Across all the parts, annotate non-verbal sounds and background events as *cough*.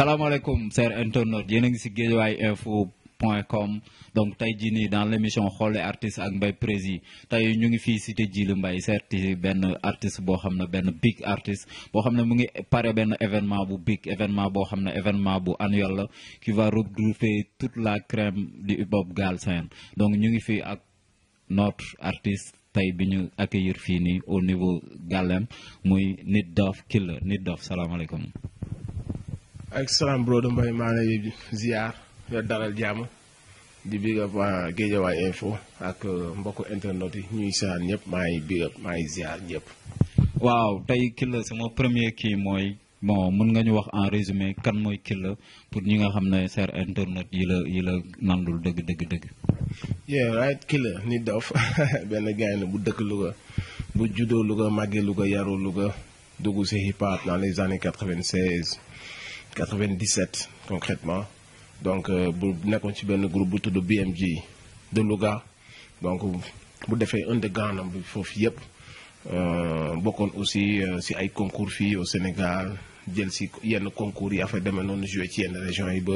Salam chers internautes yéen a ngi si Guédiawaye donc tey dans l'émission, émission xoole artiste ak Mbaye Prési tey ñu ngi fii cité Djily Mbaye c'est un artiste boo xam ne big artiste boo xam mu ngi événement bu big événement boo événement bu annuel qui va regrouper toute la crème du hip hop galsen donc ñu ngi ici ak notre artiste Tay biñu accueillir fini au niveau Galem muy Nitdoff Killer salam salaamaaleykum. ak salaam bro da Mbaye maa lay ziar yo dalal jàmm di big up waa Guédiawaye info ak euh, mbokku internet yi ñuy saan ñëpp maa ngi big up maa ngi ziar ñëpp. waaw tey Killa sama premier kii mooy bon mën nga ñu wax en résumé kan mooy Killa pour ñi nga xam ne ser internet yi la yi la nandul dëgg dëgg dëgg. yeah right Killa nit dof *laughs* benn gaynde bu dëkk Louga bu juddoo Louga màggee Louga yaroo Louga duggu si hip hop dans les années 96. 97 concrètement donc euh, nous avons ci groupe de BMJ BMG de Louga donc bu defee un de ganam bi foofu yëpp euh, bokkoon aussi si euh, ay concours au Sénégal avons si yenn concours qui a fait noonu nous ci yenn la région ba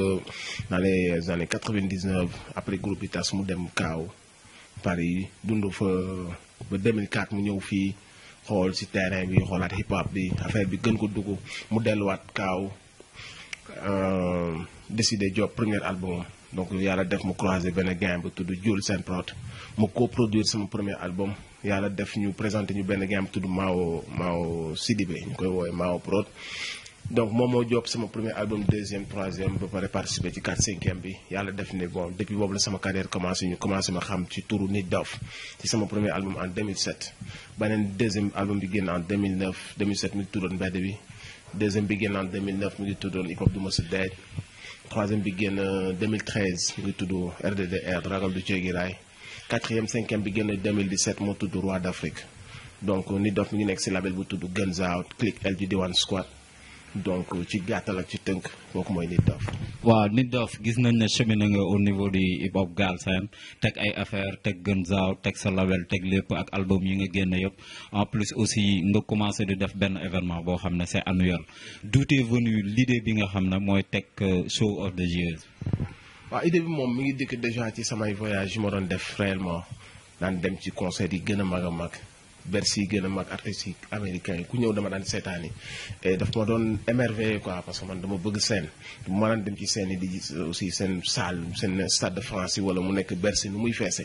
dans les années 99 après le groupe Itas tas dem Paris. Paris avons fa ba 2004 mu ñëw fii xool si terrain bi xoolaat hip hop bi affaire bi gën ko de mu Euh, décidé job premier album donc yàlla def mu croisé benn gain tudd Jules Saint Prot mu coproduire sama premier album yàlla def ñu présenté ñu benn gain bu tudd Mao Mao Sidibé ñu koy woowee Mao Prot donc moom moo job sama premier album deuxième troisième ba pare participé ci quatre cinquième bi yàlla def ne bon depuis boobu la sama carrière commencé ñu commencé ma xam ci turu Nit Doff ci sama premier album en 2007 beneen deuxième album bi génn en 2009 2007 mi deuxième begin en 2009 mu ngi tuddoon hip hop du troisième begin en 2013 mu ngi tudd RDDR Dragon du Tchegirai. quatrième cinquième begin en 2017 moo de Roi d'Afrique donc euh, nous Doff mi ngi label de Guns Out Click lgd du Squad donc ci gàttal ak ci tënk kooku mooy Nit Doff waaw Nit Doff gis nañ ne cheminé nga au niveau du hip hop Galsen teg ay affaire teg gën zaaw teg sa label teg lépp ak album yi nga génn yëpp en plus aussi nga commencé di def benn événement boo xam ne c'est annuel d'où est venu l'idée bi nga xam ne mooy teg euh, show of the year waaw idée bi moom mi ngi dikk déjà ci samay voyage yi ma doon def réellement daan dem ci concert yi gën a mag a mag Bercy yi gën a mag artistes yi américains yi ku ñëw dama daan seetaan yi daf ma doon émerveillé quoi parce man dama bëgg seen man daan dem ci seen yi di aussi seen salle seen stade de France yi wala mu nekk Bercy nu muy feese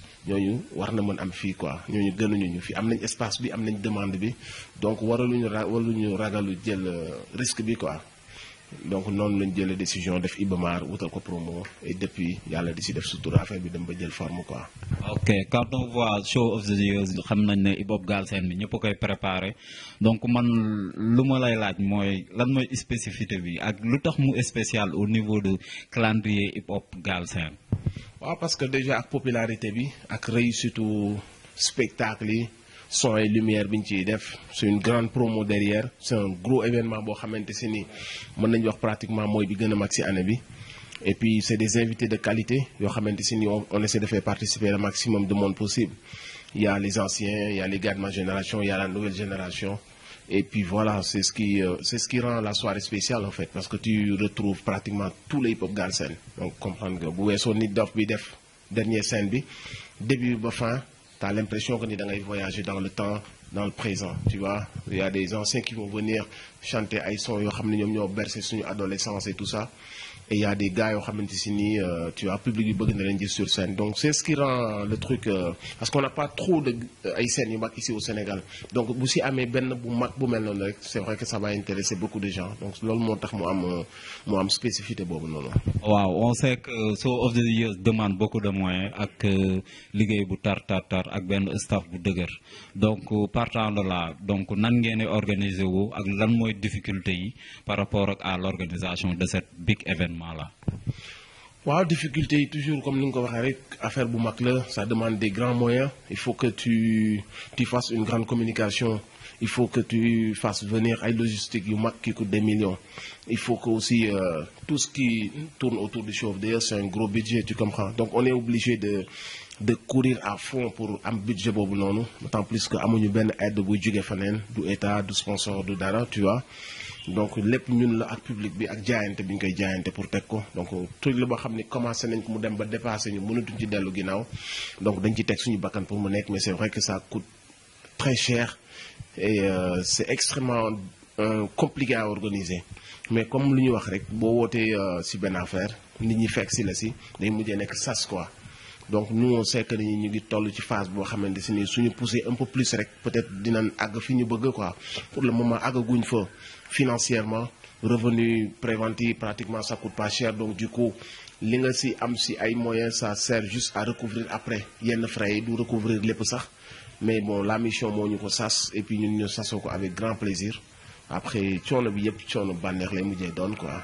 ñooñu war na mën am fii quoi ñooñu gënuñu ñu fii am nañ espace bi am nañ demande bi donc waraluñu ra ñu ragalu jël euh, risque bi quoi donc noonu lañ jëlee décision def Ibamar wutal ko promo et depuis yàlla di si def surtout affaire bi dem ba jël forme quoi. ok quand on voit show of the year xam nañ ne Hip Hop Galsen bi ñëpp koy préparé donc man lu ma lay laaj mooy lan mooy spécifité bi ak lu tax mu spécial au niveau de calendrier Hip Hop Galsen. parce que déjà la popularité avec la réussite spectacle son et lumière c'est une grande promo derrière c'est un gros événement pour pratiquement moi et puis c'est des invités de qualité on essaie de faire participer le maximum de monde possible il y a les anciens il y a les gars de ma génération il y a la nouvelle génération et puis voilà, c'est ce qui euh, c'est ce qui rend la soirée spéciale en fait, parce que tu retrouves pratiquement tous les hip-hop garçons. Donc comprendre que bu weesoo nit dof bi dernier scène début ou fin tu as l'impression que tu da voyager dans le temps dans le présent tu vois il y a des anciens qui vont venir chanter ay ils vont xam son adolescence et tout ça et il y a des gars qui xamante si nii euh, tu as public du de de sur scène donc c'est ce qui rend euh, le truc euh, parce qu'on n'a pas trop de Haïtiens ici au Sénégal donc si Amé Ben mel c'est vrai que ça va intéresser beaucoup de gens donc le montage moi, moi, am mu am spécificité Wow! on sait que So of the Years demande beaucoup de moyens ak liggéey bu tar tar tar ak staff bu dëgër donc partant de là donc nan organisez organiser wu ak lan difficulté par rapport à l'organisation de cette big événement. On là waaw difficulté toujours comme nous affaire ça demande des grands moyens il faut que tu tu fasses une grande communication il faut que tu fasses venir une logistique qui coûte des millions il faut que aussi euh, tout ce qui tourne autour du chauve d'ailleurs c'est un gros budget tu comprends donc on est obligé de de courir à fond pour un budget boobu noonu d'autant plus que amuñu benn aide buy jóge feneen du état du sponsor du dara tu vois donc lépp ñun la ak public bi ak jaayante bi ñu koy jaayante pour teg ko donc tuuti la boo xam ne commencé nañ ko mu dem ba dépassé ñu mënatuñ ci dellu ginnaaw donc dañ ci teg suñu bakkan pour mu nekk mais c'est vrai que ça coûte très cher et euh, c'est extrêmement euh, compliqué à organiser mais comme lu ñu wax rek boo wootee si euh, benn affaire nit ñi fekk si la si day mujjee nekk ça quoi donc nous on sait que nous avons ngi toll ci phase de xamante si nous suñu un peu plus peut-être que nous avons fini quoi pour le moment nous avons fois financièrement revenu préventif pratiquement ça coûte pas cher donc du coup li nga si am si moyens ça sert juste à recouvrir après Il y a des frais pour recouvrir les sax mais bon la mission nous avons fait. sas et puis nous ñu fait avec grand plaisir après billet, bi nous le banner, lay mujjee doon quoi.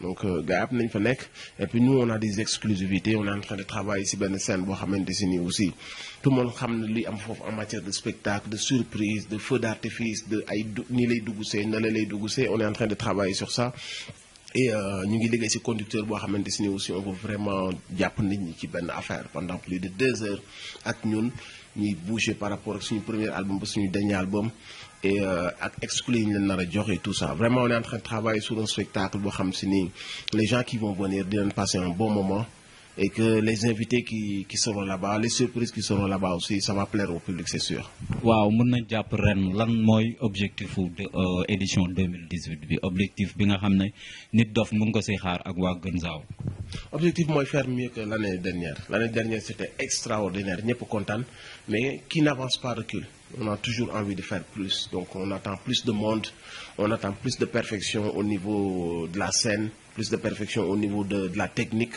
donc euh, gap et puis nous on a des exclusivités on est en train de travailler ici, benn scène boo xamante aussi tout le monde sait lui en matière de spectacle de surprise de feux d'artifice de ay les lay ni les on est en train de travailler sur ça et nous euh, ngi liggéey si conducteur boo xamante aussi on veut vraiment jàpp nit ñi ci à affaire pendant plus de deux heures ak ñun ñuy bouger par rapport à notre premier album que notre dernier album et exclure exclu les et tout ça vraiment on est en train de travailler sur un spectacle les gens qui vont venir viennent passer un bon moment et que les invités qui, seront là-bas, les surprises qui seront là-bas aussi, ça va plaire au public, c'est sûr. Waouh, mën diap objectif de l'édition euh, 2018 objectif bi nga objectif faire mieux que l'année dernière l'année dernière c'était extraordinaire pas contents, mais qui n'avance pas recul. on a toujours envie de faire plus. Donc on attend plus de monde, on attend plus de perfection au niveau de la scène, plus de perfection au niveau de la technique.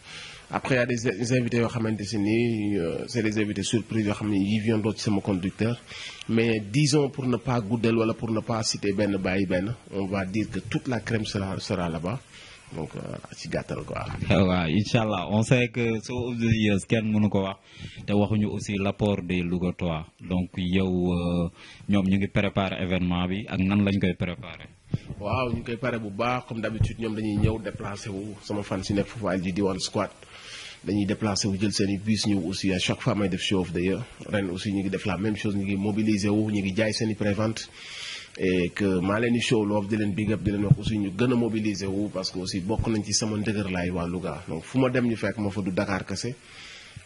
après il y a des invités qui sont euh, c'est des invités surprises il xam ne yi viennent d'autres sama conducteur mais disons pour ne pas guddal wala pour ne pas citer Ben, bàyyi Ben, on va dire que toute la crème sera sera là-bas donc euh, ci gâteau quoi. *laughs* waaw Inshallah. on sait que soo obligieuse kenn mënu ko wax te waxuñu aussi l'apport des Lougatois donc yow euh, ñoom ñu ngi préparer événement bi ak nan lañ koy préparer waaw ñu ngi koy beaucoup bu baax comme d'habitude ñoom dañuy ñëw déplacé wu sama fan si nekk football, àll ji diwaan squat dañuy déplacer wu jël seen i bus ñëw aussi à chaque fois may def show off d'ailleurs ren aussi ñu ngi def la même chose ñu ngi mobiliser wu ñu ngi jaay seen prévente et que maa leen show loof di leen big up di leen aussi ñu gagner mobiliser wu parce que aussi bokk nañ ci sama ndëgër laay waa Louga donc fuma ma dem ñu fekk ma fa du Dakar c'est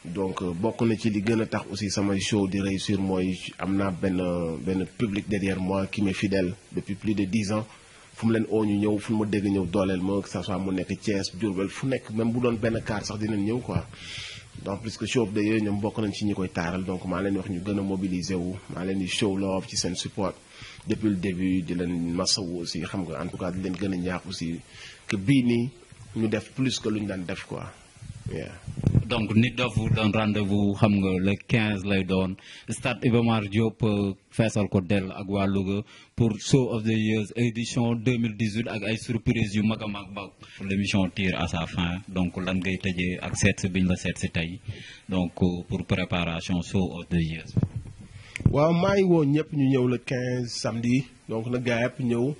donc euh, beaucoup na ci li gën a tax aussi samay show di réussir moi amener ben ben public derrière moi qui m'est fidèle depuis plus de dix ans fu mu leen oo ñu ñëw fu mu ma dégg ñëw dooleel ma que ça soit mu nekk Thiès Diourbel fu nekk même bu doon benn kaar sax dinañ ñëw quoi donc plus que show de yooyu ñoom bokk nañ ci ñi koy taaral donc maa leen wax ñu gën a mobiliser wu maa leen di show love ci seen support depuis le début di leen masawu aussi xam nga en tout cas di leen gën a ñaax aussi que bii nii ñu def plus que lu ñu daan def quoi. donc nous avons rendez-vous le 15 lay doon stade Iba Diop euh, feesal ko dell ak waa pour show of the years édition 2018 ak ay surprise du mag l'émission tire à sa fin donc lan ngay il ak seet si pour la donc euh, pour préparation show of the years Oui, maa ngi le 15 samedi donc na gars yëpp ñëw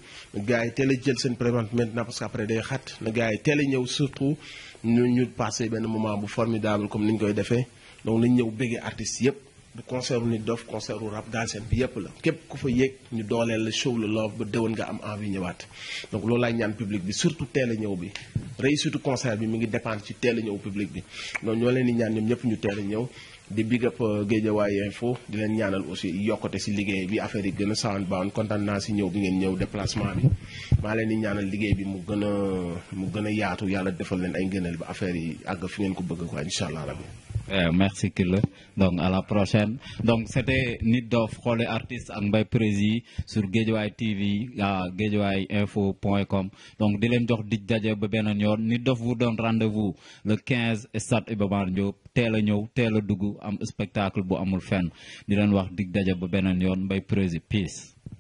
gars yi teel a jël seen prévente maintenant parce day xat na gars yi teel a ñëw surtout ñu ñu passé benn moment bu formidable comme ni ñu koy defee donc nañ ñëw béggee artistes yëpp bu concert u Nit Dof concert u rap seen bi yëpp la képp ku fa yéeg ñu dooleel la show la love ba déwén nga am envie ñëwaat donc loolu laay ñaan public bi surtout teel ñëw bi réussite concert bi mi ngi dépendre ci teel a ñëw public bi donc ñoo leen di ñaan ñoom ñëpp ñu teel a ñëw di big up euh, Guédiawaye info di leen ñaanal aussi yokkute si liggéey bi affaire yi gën a sound baan kontaan naa si ñëw bi ngeen ñëw déplacement bi maa leen di ñaanal liggéey bi mu gën a mu gën a yaatu yàlla defal leen ay ngëneel ba affaire yi àgg fi ngeen ko bëgg ko incha allah rabbi Eh, merci Killa donc à la prochaine donc c' était Nit Doff xoole artiste ak Mbaye Prési sur Guédiawaye TV à Guédiawaye info point com donc di leen jox dig daje ba beneen yoon Nit Doff wu donne rendez-vous le 15 stade Iba Mar Diop teel a ñëw teel a dugg am spectacle bu amul fenn di leen wax dig daje ba beneen yoon mbay Prési peace